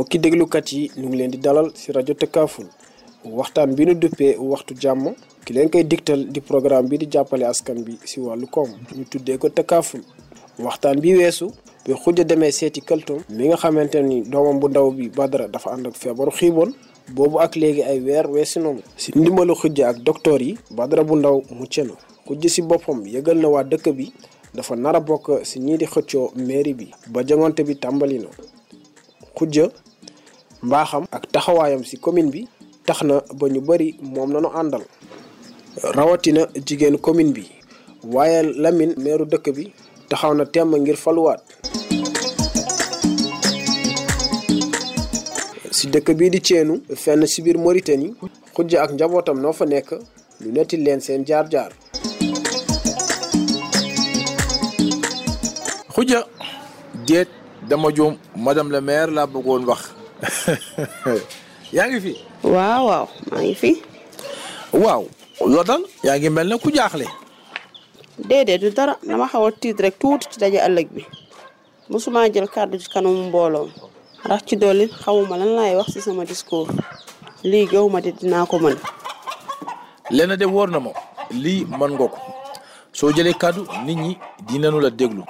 mbokki déglukat yi ñu ngi leen di dalal ci rajo Takaful waxtaan bi nu duppee waxtu jàmm ki leen koy digtal di programme bi di jàppale askan bi ci wàllu koom ñu tuddee ko Takaful waxtaan bi weesu bi xuj a demee seeti kaltum mi nga xamante ni doomam bu ndaw bi Badara dafa ànd ak feebaru xiiboon boobu ak léegi ay weer weesu noonu ci ndimbalu xuj ak docteur yi Badara bu ndaw mucc na xuj ci boppam yëgal na waa dëkk bi dafa nar a bokk ci ñii di xëccoo mairie bi ba jongante tàmbali na mbaaxam ak taxawaayam ci commune bi tax na ba ñu bari moom nanu àndal rawatina jigéen commune bi waaye Lamine meeru dëkk bi taxaw na temm ngir faluwaat ci dëkk bii di Thiénou fenn ci biir Mauritanie xujja ak njabootam noo fa nekk ñu netti leen seen jaar-jaar xujja déet dama juum madame le maire laa bëggoon wax yaa ngi fi. waaw waaw maa ngi fi. waaw loo dal yaa ngi mel na ku jaaxle. déedéet du dara dama xaw a tiit rek tuuti ci daje ëllëg bi mosuma jël kàddu ci kanamu mbooloom rax ci dolli xawuma lan laay wax ci sama discours lii gëw ma de dinaa ko mën. lenn de wóor na ma lii mën nga ko soo jëlee kàddu nit ñi dinañu la déglu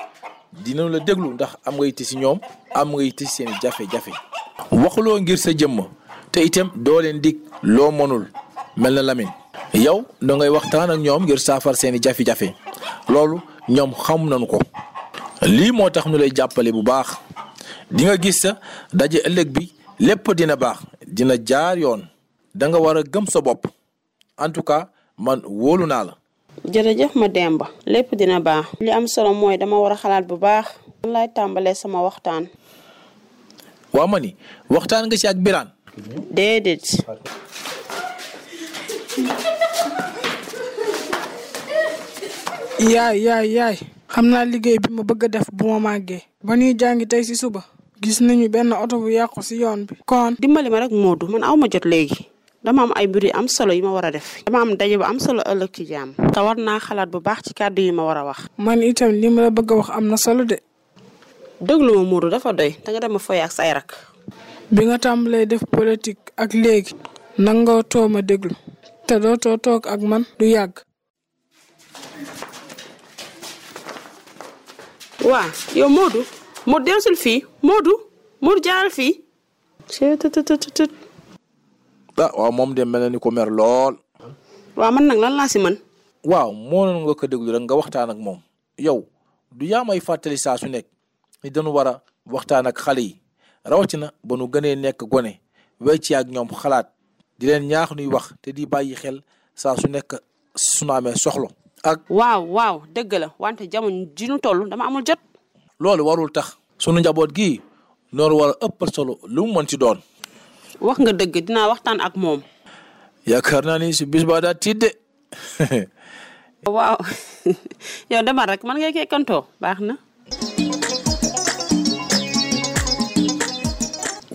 dinañu la déglu ndax am nga yitte ci ñoom am nga yitte seen i jafe-jafe. waxuloo ngir sa jëmm te itam doo leen dig loo mënul mel na Lamine yow da ngay waxtaan ak ñoom ngir saafar seen i jafe-jafe loolu ñoom xam nañu ko lii moo tax ñu lay jàppale bu baax di nga gis sa daje ëllëg bi lépp dina baax dina jaar yoon danga nga war a gëm sa bopp en tout cas man wóolu naa la. jërëjëf ma Demba lépp dina baax. li am solo mooy dama war a xalaat bu baax. lan laay tàmbalee sama waxtaan. waa ma waxtaan nga ci ak Birane. déedéet. yaay yaay yaay xam naa liggéey bi ma bëgg a def bu ma màggee. ba nuy jàngi tey ci suba. gis nañu benn oto bu yàqu ci yoon bi. kon dimbali ma rek Modou man aw ma jot léegi dama am ay mbir am solo yi ma war a def. dama am daje bu am solo ëllëg ci jàmm. te war naa xalaat bu baax ci kàddu yi ma war a wax. man itam li ma la bëgg a wax am na solo de. déglu ma Modou dafa doy da nga dem a foyee ak say rak. bi nga tàmbalee def politique ak léegi. nangoo too ma déglu. te dootoo toog ak man du yàgg. waa yow Modou Modou desul fii Modou Modou jaaral fii. ah waaw moom de mel ko mer lool. waaw man nag lan laa si man waaw moo noonu nga ko déglu rek nga waxtaan ak moom. yow du yaa may fàttali saa su nekk. ni dañu war a waxtaan ak xale yi rawatina ba nu gënee nekk gone wecci ak ñoom xalaat di leen ñaax nuy wax te di bàyyi xel saa su nekk sunu amee soxla ak waaw waaw dëgg la wante jamono ji ñu toll dama amul jot lool warul tax sunu njaboot gi noonu war ëpp ëppal solo lu mën ci doon wax nga dëgg dinaa waxtaan ak moom yaakaar naa ni si bis ba daa tiit de waaw yow demal rek man ngay kekkantoo baax na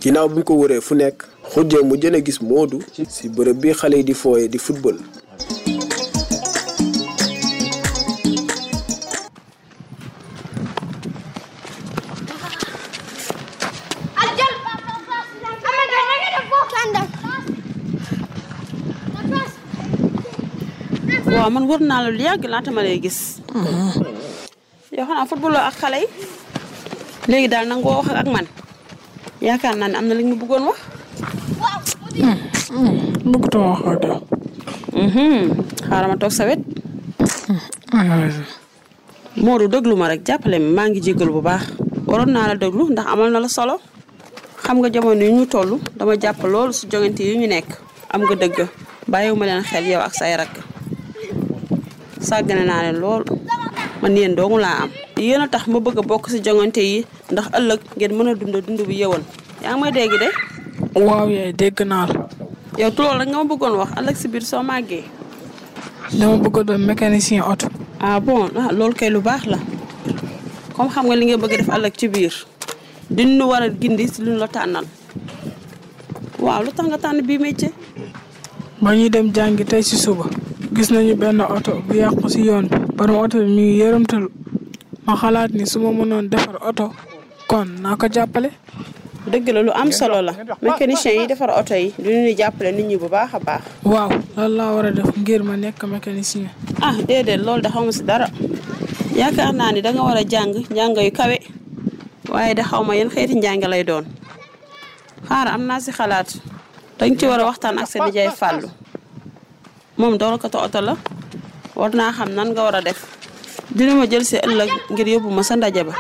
ginnaaw bi ñu ko wëree fu nekk xujjee mu jën a gis Modou si bërëb bi xale yi di fooye di football. waaw man wër naa la lu yàgg laata ma lay gis. yoo xam ne ak xale yi léegi daal nangoo wax ak man. yaakaar naa ne am na li mu bëggoon wax. Hmm. bëggatoo wax ak yow. Hmm. xaaral ma toog sa wet. Hmm. Modou déglu ma rek jàppale mi maa ngi jégalu bu baax waroon naa la déglu ndax amoon na la solo xam nga jamono yu ñu toll dama jàpp loolu si jongante yu ñu nekk am nga dëgg ma leen xel yow ak say rakk sàggane naa leen lool man yéen doomu laa am. yéen a tax ma bëgg a bokk ci jongante yi ndax ëllëg ngeen mën a dund dund bu yewoon yaa ngi ma dégg de. waaw yaay dégg naa la. yow tulool rek nga ma bëggoon wax ëllëg ci biir soo màggee. dama bëgg a doon mécanicien oto. ah bon ah loolu lu baax la. comme xam nga li ngay bëgg def ëllëg ci biir. dinañu war a gindi ci luñ la tànnal. waaw lu tax nga tànn bii métier. ba ñuy dem jàngi tey ci suba. gis nañu benn oto bu yàqu ci yoon bi. borom oto bi mi ma xalaat ni su ma mënoon defar oto kon naa ko jàppale. dëgg la lu am solo la mécaniciens yi defar oto yi du jàppale nit ñi bu baax a baax. waaw loolu laa war a def ngir ma nekk mécanicien. ah déedéet loolu da xaw ma si dara yaakaar naa ni danga war a jàng njàng yu kawe waaye da xaw ma yan xeeti njàng lay doon xaar am naa si xalaat dañ ci war a waxtaan ak seen nijaay Fallou moom dawalkatu oto la war naa xam nan nga war a def. dina ma jël si ëllëg ngir yóbbu ma sa ndaje ba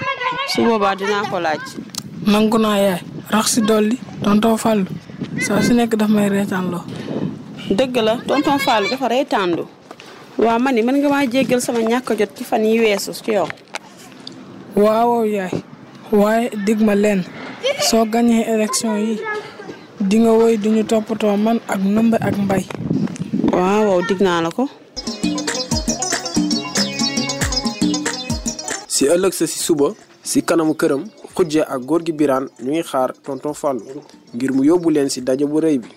su boobaa dinaa ko laaj. nangu naa yaay rax si dolli tonton Fallou saa su nekk daf may reetaanloo. dëgg la tonton Fallou dafa reetaandu waaw ma ni mën nga maa jéggal sama ñàkk jot ci fan yi weesu ci yow. waaw yaay waaye dig ma leen soo gañee élection yi dinga nga woy duñu toppatoo man ak nëmb ak mbay. waaw dig naa la ko. ci ëllëg sa ci suba si kanamu këram xujje ak góor gi biraan ñu ngi xaar tonton Fallou ngir mu yóbbu leen si daje bu rëy bi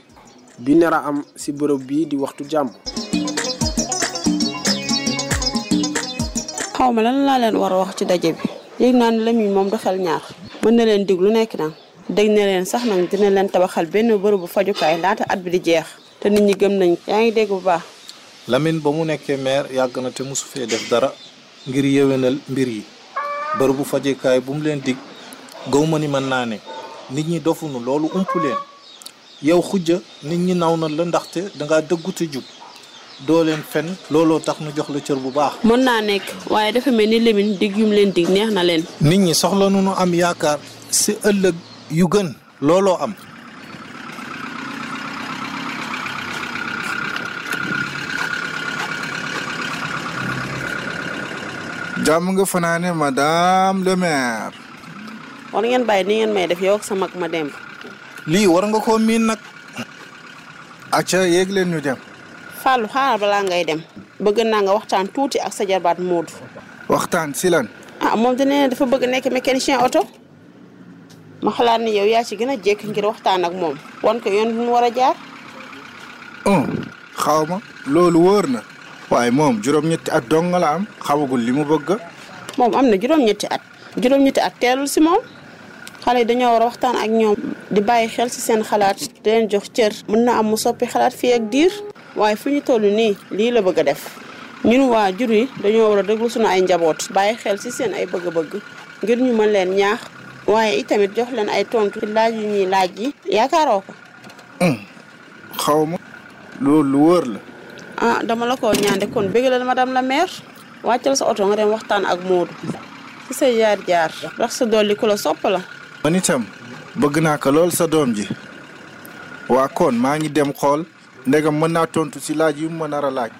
bi nar a am si bërëb bii di waxtu jàmm. xaw ma laa leen war a wax ci daje bi yéeg naa ne Lamine moom doxal ñaar mën na leen dig nekk nag dégg na leen sax nag dina leen tabaxal benn bërëbu fajukaay laata at bi di jeex te nit ñi gëm nañ yaa ngi dégg bu baax. Lamine ba mu nekkee maire yàgg na te mosu fee def dara. ngir yéwénal mbir yi bërëbu fajukaay bu mu leen dig gaw ma ni mën naa ne nit ñi dofunu loolu ump leen yow xujja nit ñi naw na la ndaxte dangaa dëggu te jub doo leen fen looloo tax nu jox la cër bu baax mën naa nekk waaye dafa mel ni Lamine dig yum leen dig neex na leen nit ñi soxla nu nu am yaakaar si ëllëg yu gën looloo am jàmm nga fanaane madame le maire. war ngeen bàyyi ni ngeen may def yow ak sa mag ma dem. lii war nga koo miin nag. acca yéeg leen ñu dem. Fallou xaaral balaa ngay dem. bëgg naa nga waxtaan tuuti ak sa jarbaat Moodu. waxtaan si lan. ah moom de nee na dafa bëgg nekk mécanicien oto. ma xalaat ni yow yaa ci gën a jékk ngir waxtaan ak moom. wan ko yoon bu war a jaar. Oh, xaw ma loolu wóor na. waaye moom juróom-ñetti at dong la am xamagul li mu bëgg. moom am na juróom-ñetti at juróom-ñetti at teelul si moom xale yi dañoo war a waxtaan ak ñoom di bàyyi xel si seen xalaat di leen jox cër mën na am mu soppi xalaat fii ak diir waaye fu ñu toll nii lii la bëgg a def ñun waa jur yi dañoo war a déglu suñu ay njaboot bàyyi xel si seen ay bëgg-bëgg ngir ñu mën leen ñaax waaye itamit jox leen ay tontu laaj yu ñuy laaj yi yaakaaroo ko. Hmm, xaw ma lu wóor la. ah dama la ko ñaan de kon bëgg la madame la maire wàccal sa oto nga dem waxtaan ak Modou ci sa jaar jaar rax sa dolli ko la sopp la man bëgg naa ko lool sa doom ji waa kon maa ngi dem xool ndegam mën naa tontu si laaj yu ma nar a laaj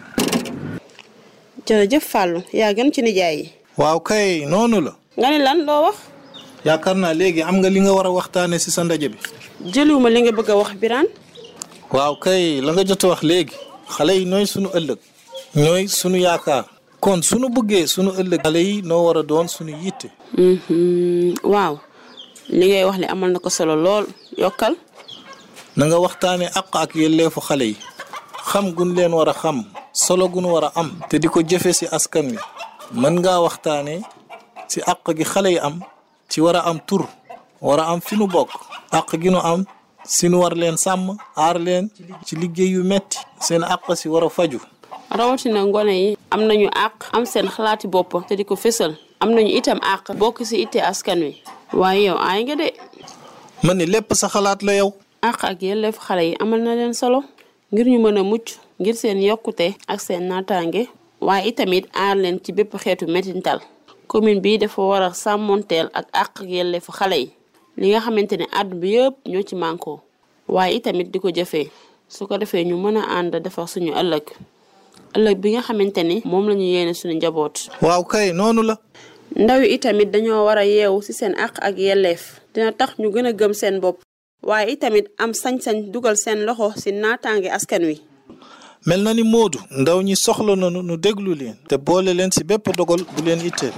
jërëjëf Fallou yaa ci nijaay yi waaw kay noonu la nga ne lan loo wax yaakaar naa léegi am nga li nga war a waxtaane si sa ndaje bi jëliwuma li nga bëgg a wax Birane waaw kay la nga jot a wax léegi xale yi nooy sunu ëllëg ñooy sunu yaakaar kon sunu bëggee sunu ëllëg xale yi noo war a doon sunu yitte mm-hmm. waaw li ngay wax ne amal na ko solo lool yokkal nanga nga waxtaanee àq ak yelleefu xale yi xam gun leen war a xam solo gun war a am te di ko jëfe si askan wi mën ngaa waxtaanee si àq gi xale yi am ci war a am tur war a am fi nu bokk àq gi nu am sin war leen sàmm aar leen ci liggéey yu metti seen àq si war a faju rawatina ngone yi am nañu àq am seen xalaati bopp te di ko fésal am nañu itam àq bokk ci itte askan wi waaye yow aay nga de ma ni lépp sa xalaat la yow àq ak yelleef xale yi amal na leen solo ngir ñu mën a mucc ngir seen yokkute ak seen naataange waaye itamit aar leen ci bépp xeetu métintal commune bi dafa war a sàmmonteel ak àq ak yelleefu xale yi li nga xamante ne àdduna bi yëpp ñoo ci mànkoo waaye itamit di ko jëfee su ko defee ñu mën a ànd defar suñu ëllëg ëllëg bi nga xamante ni moom lañu ñu suñu njaboot. waaw kay noonu la. ndaw yi itamit dañoo war a yeewu ci seen ak ak yelleef dina tax ñu gën a gëm seen bopp. waaye itamit am sañ-sañ dugal seen loxo si naataange askan wi. mel na ni Moodu ndaw ñi soxla nañu nu déglu leen. te boole leen ci bépp dogal bu leen itteel.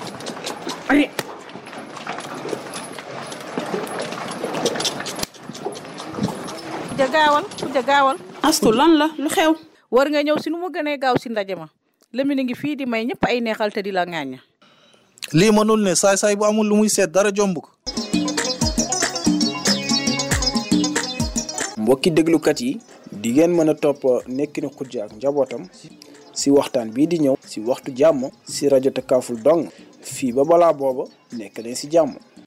kujja gaawal lan la lu xew. war nga ñëw si nu mu gënee gaaw si ndaje ma Lamine ngi fii di may ñëpp ay di la ŋaaña. lii mënul ne saay saay bu amul lu muy seet dara jomb ko. mbokki déglukat yi. di ngeen mën a topp nekkinu xujja njabootam si waxtaan bii di ñëw si waxtu jàmm si rajo Takaful dong fii ba balaa booba nekk nañ si jàmm